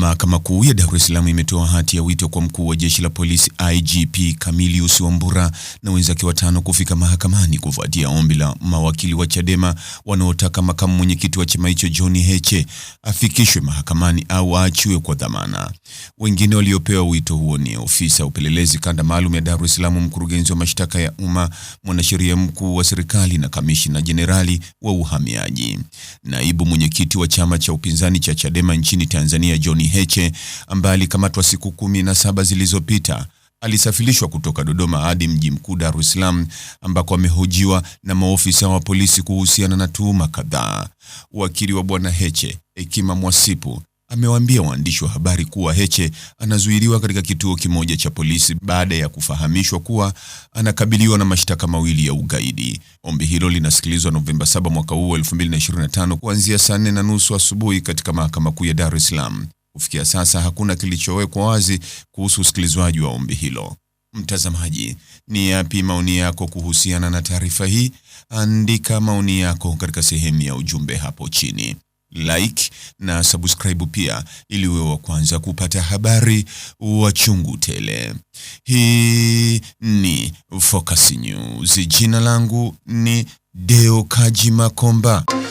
Mahakama Kuu ya Dar es Salaam imetoa hati ya wito kwa mkuu wa jeshi la polisi IGP Camillus Wambura na wenzake watano kufika mahakamani kufuatia ombi la mawakili wa Chadema wanaotaka makamu mwenyekiti wa chama hicho John Heche afikishwe mahakamani au aachiwe kwa dhamana. Wengine waliopewa wito huo ni ofisa upelelezi kanda maalum ya Dar es Salaam, mkurugenzi wa mashtaka ya umma, mwanasheria mkuu wa serikali na kamishina jenerali wa uhamiaji. Naibu mwenyekiti wa chama cha upinzani cha Chadema nchini Tanzania John Heche ambaye alikamatwa siku kumi na saba zilizopita alisafirishwa kutoka Dodoma hadi mji mkuu Dar es Salaam ambako amehojiwa na maofisa wa polisi kuhusiana na tuhuma kadhaa. Wakili wa Bwana Heche, Hekima Mwasipu, amewaambia waandishi wa habari kuwa Heche anazuiliwa katika kituo kimoja cha polisi baada ya kufahamishwa kuwa anakabiliwa na mashtaka mawili ya ugaidi. Ombi hilo linasikilizwa Novemba 7 mwaka huu 2025 kuanzia saa 4 na nusu asubuhi katika Mahakama Kuu ya Dar es Salaam. Kufikia sasa hakuna kilichowekwa wazi kuhusu usikilizwaji wa ombi hilo. Mtazamaji, ni yapi maoni yako kuhusiana na taarifa hii? Andika maoni yako katika sehemu ya ujumbe hapo chini. Like na subscribe pia ili uwe wa kwanza kupata habari wa chungu tele. Hii ni Focus News. Jina langu ni Deo Kaji Makomba.